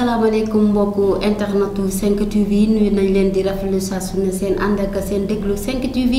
asalaamaaleykum mbokku internetu 5 TV nuyu nañ leen di rafetlu saa su ne seen ànd seen déglu 5 TV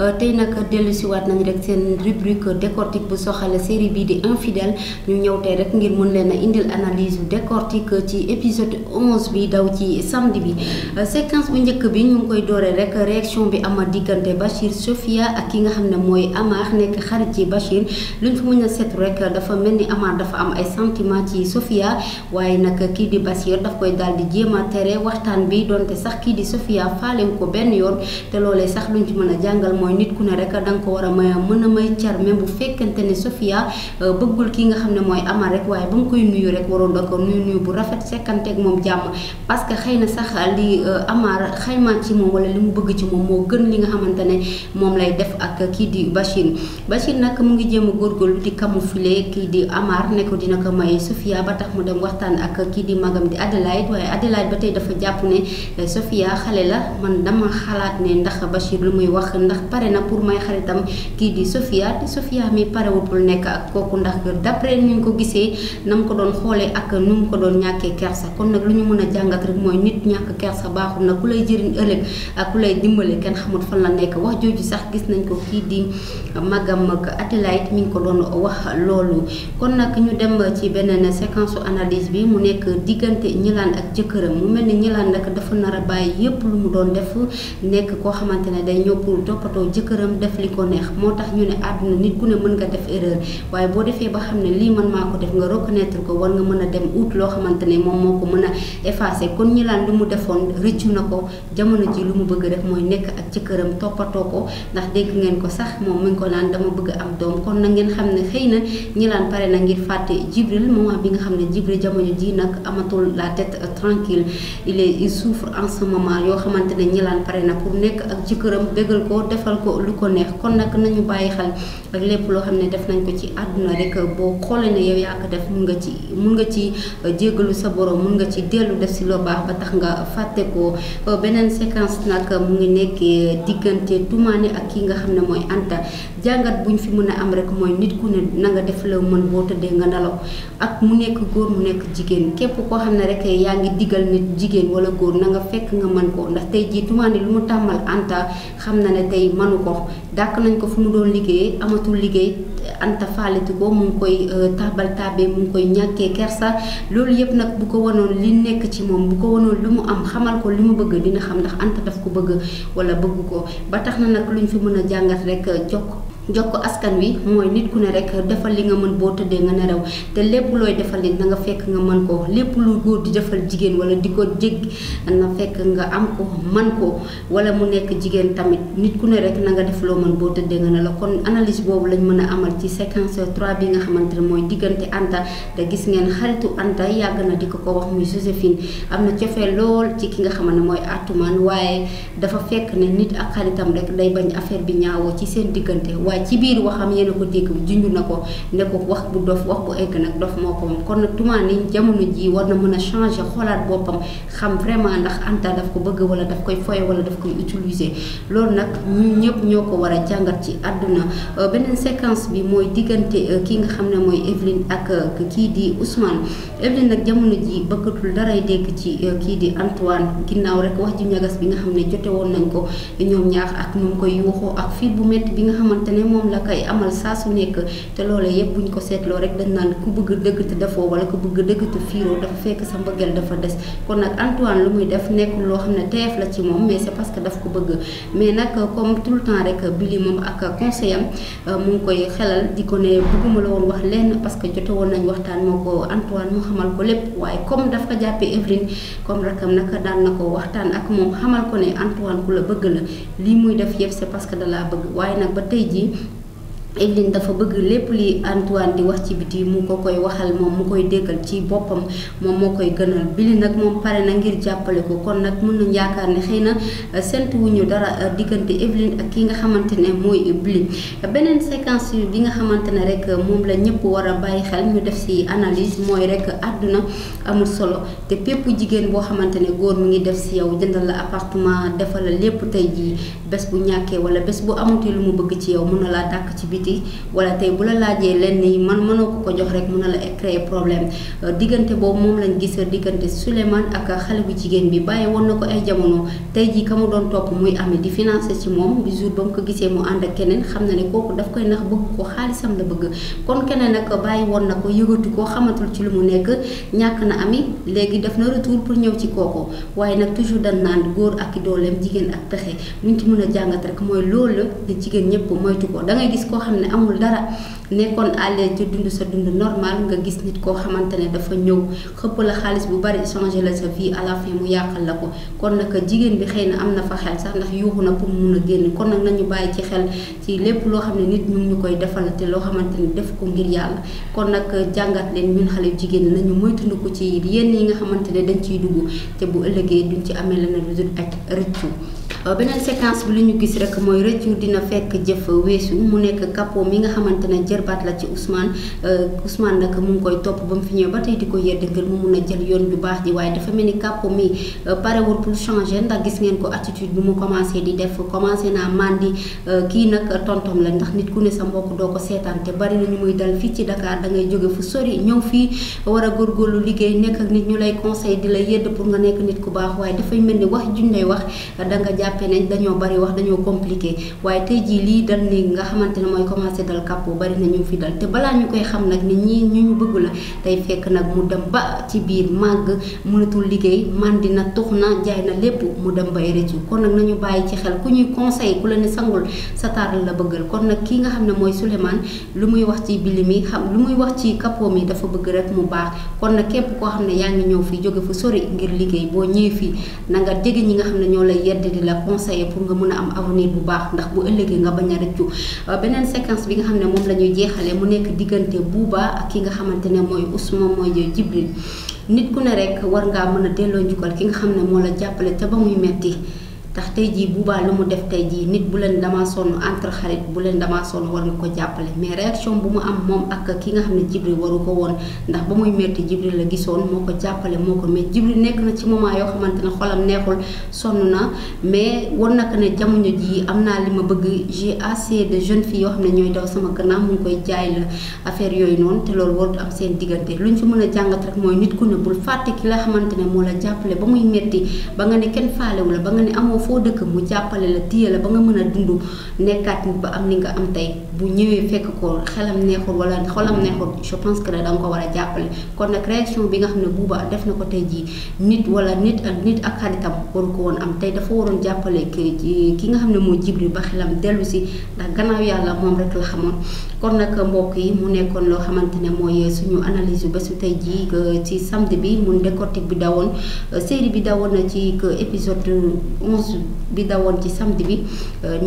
euh, tey nag dellusiwaat nañ rek seen rubrique décortique bu soxal série bi di infidèle ñu ñëw tey rek ngir mun leen indil analyse décortique ci épisode 11 bi daw ci samedi bi euh, séquence bu njëkk bi ñu ngi koy dooree rek réaction bi ama diggante Bachir Sofia ak ki nga xam ne mooy Amar nekk xarit ci Bachir luñ fa mën a seetu rek dafa mel ni Amar dafa am ay sentiment ci Sofia waaye nag kii di Basir daf koy dal di jema a bi donte sax ki di Sofia faalewu ko ben yoon te lolé sax luñ ci mëna jangal moy nit ku né rek da nga ko wara a may may ciar même bu fekkante né Sofia euh, bëggul ki nga xamné moy Amar rek waye ba mu koy nuyu rek waroon da ko nuyu nuyu bu rafet ak mom jamm parce que xeyna sax li euh, Amar xeyma ci mom wala limu bëgg ci mom mo gën li nga xamante ne mom lay def ak ki di Bachir Bachir nak mu ngi jéem gorgol di camoufler ki di Amar ne ko dina ko may Sofia ba tax mu dem waxtan ak ki di mag kàngam di Adelaide waaye Adelaide ba tey dafa jàpp ne eh, Sofia xale la man dama xalaat ne ndax Bachir lu muy wax ndax pare na pour may xaritam kii di Sofia te Sofia mi parewul pour nekk ak kooku ndax d'après ni ñu ko gisee na mu ko doon xoolee ak nu mu ko doon ñàkkee kersa kon nag lu ñu mën a jàngat rek mooy nit ñàkk kersa baaxul na ku lay jëriñ ëllëg ak ku lay dimbale kenn xamul fan la nekk wax jooju sax gis nañ ko kii di magam ak Adelaide mi ngi ko doon wax loolu kon nag ñu dem ci beneen séquence analyse bi mu nekk digg diggante ñilaan ak jëkkëram mu melni ni ñilaan nag dafa nara bay yépp lu mu doon def nekk ko xamantene day ñëw pour toppatoo jëkkëram def li ko neex motax ñu ne aduna nit ku ne mën nga def erreur waye bo défé ba xamné li man mako def nga reconnaître ko war nga mëna dem out lo xamantene mom moko mëna effacer kon ñilaan lu mu defoon rëccu na jamono ji lu mu bëgg def moy nekk ak jëkkëram topato ko ndax dégg ngeen ko sax mom mi ko naan dama bëgg am doom kon na ngeen xamné ne xëy na pare na ngir faté jibril moment bi nga xamné ne jibril jamono ji nak amatu amatul la tête euh, tranquille il est il souffre en ce moment yo xamantene ne ñilaan pare na pour nek ak kërëm bégal ko defal ko lu ko neex kon nak nañu bayyi xal ak lépp lo xamné ne def nañ ko ci aduna rek bo xolé né yow yaa def mun nga ci mun nga ci djéggalu euh, sa borom mun nga ci délu def ci lo baax ba tax nga faté ko euh, benen séquence nak mu ngi nek digënté tumaane ak ki nga xamné moy anta jangat buñ fi mëna am rek moy nit ku ne na nga def la mën bo tédé nga nalaw ak mu nek goor mu nek jigen képp ko xam ne rek yaa ngi digal nit jigéen wala góor na nga fekk nga mën ko ndax tey jii tumaandi lu mu tàmmal Anta xam na ne tey manu ko dàq nañ ko fu mu doon liggéeyee amatul liggéey Anta faaliti ko mu ngi koy euh, taabal tabee mu ngi koy ñàkkee kersa loolu yëpp nag bu ko wanoon li nekk ci moom bu ko wanoon lu mu am xamal ko li mu bëgg dina xam ndax Anta daf ko bëgg wala bëgg ko ba tax na nag luñ fi mën a jàngat rek jokk ko askan wi moy nit ku ne rek defal li nga mën bo tedde nga neraw te lepp loy defal nit nga fekk nga mën ko lepp lu goor di defal jigen wala di ko na fekk nga am ko man ko wala mu nek jigen tamit nit ku ne rek nga def lo mën bo tedde nga ne la kon analyse bobu lañ mëna amal ci séquence 3 bi nga xamantene moy digënté anta te gis ngeen xaritu anta yag na di ko wax muy josephine amna ci fe lol ci ki nga xamantene moy atuman waaye dafa fekk ne nit ak xaritam rek day bañ affaire bi ñaawo ci seen digënté ci biir waxam yéen a ko dégg junj na ko ne wax bu dof wax bu egg nag dof moo ko moom kon nag Toumane jamono ji war na mën a changer xoolaat boppam xam vraiment ndax Anta daf ko bëgg wala daf koy foye wala daf koy utiliser loolu nag ñun ñëpp ñoo ko war a jàngat ci àdduna euh, beneen séquence bi mooy diggante euh, ki nga xam ne mooy Evelyne ak euh, kii di Ousmane Evelyne nag jamono ji bëggatul daray dégg ci kii di Antoine ginnaaw rek wax ji ñagas bi xam ne jote woon nañ ko ñoom ñaar ak nu koy yuuxoo ak fiit bu métti bi nga xamante ne moom la koy amal saa su nekk te loolee yëpp buñ ko seetloo rek dañ naan ku bëgg dëgg te loo xam ne teef la ci moom mais c'est parce que daf ko bëgg mais nag comme tout le temps rek Billy moom euh, koy xelal di ko ne bëgguma la wax lenn parce que jote woon nañ waxtaan moo ko Antoine mu ko lépp waaye comme daf ko jàppee Evelyne comme rakam daan na ko waxtaan ak moom xamal ko ne Antoine ku la bëgg la lii muy def yëpp c'est parce que bëgg waaye nag ba tey jii Evelyne dafa bëgg lépp li Antoine di wax ci biti mu ko koy waxal moom mu koy déggal ci boppam moom moo koy gënal Billy nag moom pare na ngir jàppale ko kon nag mën yaakaar ne xëy na euh, séntu wuñu dara euh, diggante Evelyne ak ki nga xamante ne mooy Billy beneen séquence bi nga xamante ne rek euh, moom la ñëpp war a bàyyi xel ñu def si analyse mooy rek àdduna amul solo te pépp jigéen boo xamante ne góor mu ngi def si yow jëndal la appartement defal lépp tey jii bés bu ñàkkee wala bés bu amuti lu mu bëgg ci yow mën na laa dàkk ci biti biti wala tey bu la laajee lenn yi man mënoo ko ko jox rek mën na la créer problème euh, diggante boobu moom lañ gis diggante Souleymane ak xale bu jigéen bi bàyyi woon na ko ay jamono tey jii ka mu doon topp muy amee di financé ci moom bi jour ba gisee mu ànd ak keneen xam na ne kooku daf koy nax bëgg ko xaalisam la bëgg kon keneen nag bàyyi woon na ko yëgatu ko xamatul ci lu nekk ñàkk na ami léegi def na retour pour ñëw ci kooku waaye nag toujours dañ naan góor ak dooleem jigéen ak pexe luñ ci mën a jàngat rek mooy loolu la jigéen ñëpp moytu ko da gis koo xam من أول درق nekkoon à l'aise di dund sa dund normal nga gis nit koo xamante ne dafa ñëw xëpp la xaalis bu bari changer la sa vie à la fin mu yàqal la ko kon nag jigéen bi xëy na am na fa xel sax ndax yuuxu na pour mun a génn kon nag nañu bàyyi ci xel ci lépp loo xam ne nit ñu ngi koy defal te loo xamante ne def ko ngir yàlla kon nag jàngat leen ñun xale jigéen nañu ko ci yenn yi nga xamante ne dañ ciy dugg te bu ëllëgee duñ ci amee leneen lu dul ak rëccu euh, beneen séquence bi li ñu gis rek mooy rëccu dina fekk jëf weesu mu nekk capot mi nga xamante jarbaat la ci Ousmane euh, Ousmane nag mu ngi koy topp ba mu fi ñëw ba tey di ko yedd ngir mu mun a jël yoon bu baax ji waaye dafa mel ni kàpp mi euh, di def commencé naa euh, kii nag tontom la ndax nit ku ne sa mbokk doo ko seetaan te bari na ñu muy dal fii ci Dakar da ngay jóge fu sori ñëw fii war a góorgóorlu liggéey nekk nit ñu lay conseil di la yedd pour nga nekk nit ku baax waaye dafay mel ni wax juñ wax da nga jàppee nañ dañoo bari wax dañoo compliqué waaye tey jii lii dal ni nga xamante ne mooy commencé dal kàpp bari na ne ñu fi dal te balaa ñu koy xam nag ni ñu ñu bëgg tey fekk nag mu dem ba ci biir màgg mënatul liggéey màndi na tux na jaay na lépp mu dem bay rëccu kon nag nañu bàyyi ci xel ku ñuy conseil ku la ne sangul sa taar la bëggal kon nag kii nga xam ne mooy Souleymane lu muy wax ci bili mi xam lu muy wax ci kapoo mi dafa bëgg rek mu baax kon nag képp koo xam ne yaa ngi ñëw fii jóge fu sori ngir liggéey boo ñëwee fii nanga nga ñi nga xam ne ñoo lay yedd di la conseiller pour nga mun a am avenir bu baax ndax bu ëllëgee nga bañ a rëccu beneen jeexale mu nekk diggante Bouba ak ki nga xamante ne mooy Ousmane mooy Jibril nit ku ne rek war ngaa mën a delloo njukkal ki nga xam ne moo la jàppale te ba muy metti ndax tey jii buubaa lu mu def tey jii nit bu leen dama sonn entre xarit bu leen dama sonn war nga ko jàppale mais réaction bu mu am moom ak ki nga xam ne Jibril waru ko woon ndax ba muy metti Jibril la gisoon moo ko jàppale moo ko mais Jibril nekk na ci moment yoo xamante ne xolam na mais war na ko jamono jii am naa li ma bëgg j'ai assez de jeunes yoo xam ne ñooy daw sama gannaaw mu ngi koy jaay la affaire yooyu noonu te loolu warut am seen diggante luñ ci mën a jàngat rek mooy nit ku ne bul fàtte ki la xamante ne moo la jàppale ba muy metti ba nga ne kenn faalewu ba nga ne amoo foo dëkk mu jàppale la téye la ba nga mën a dund nekkaat nit ba am ni nga am tey bu ñëwee fekk ko xelam neexul wala xolam neexul je pense que da ko war a jàppale kon nag réaction bi nga xam ne Bouba def na ko tey jii nit wala nit nit ak xaritam waru ko woon am tey dafa waroon jàppale ki nga xam ne moo Djibril ba xelam dellu si ndax gannaaw yàlla moom rek la xamoon kon nag mbokk yi mu nekkoon loo xamante ne mooy suñu analyse yu bésu tey jii ci samedi bi mun décortique bi dawoon série bi dawoon na ci épisode onze bi ci samedi bi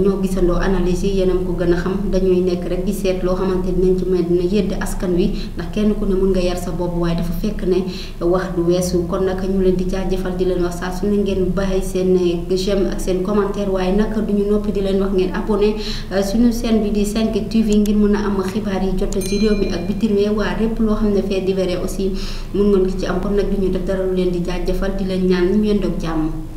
ñoo gisandoo analyse yi yéen a ko gën a xam dañuy dañuy nekk rek di seet loo xamante dinañ ci mën dina yedd askan wi ndax kenn ku ne mën nga yar sa bopp waaye dafa fekk ne wax du weesu kon nag ñu leen di jaajëfal di leen wax saa su ne ngeen bàyyi seen eh, j'aime ak seen commentaire waaye nag duñu noppi di leen wax ngeen abonné eh, suñu chaîne bi di 5 TV ngir mën a am xibaar yi jot ci réew mi ak bitim réew waa répp loo xam ne fee divers aussi mun ngeen ko ci am kon nag duñu def dara lu leen di jaajëfal di leen ñaan ñu yendoog jàmm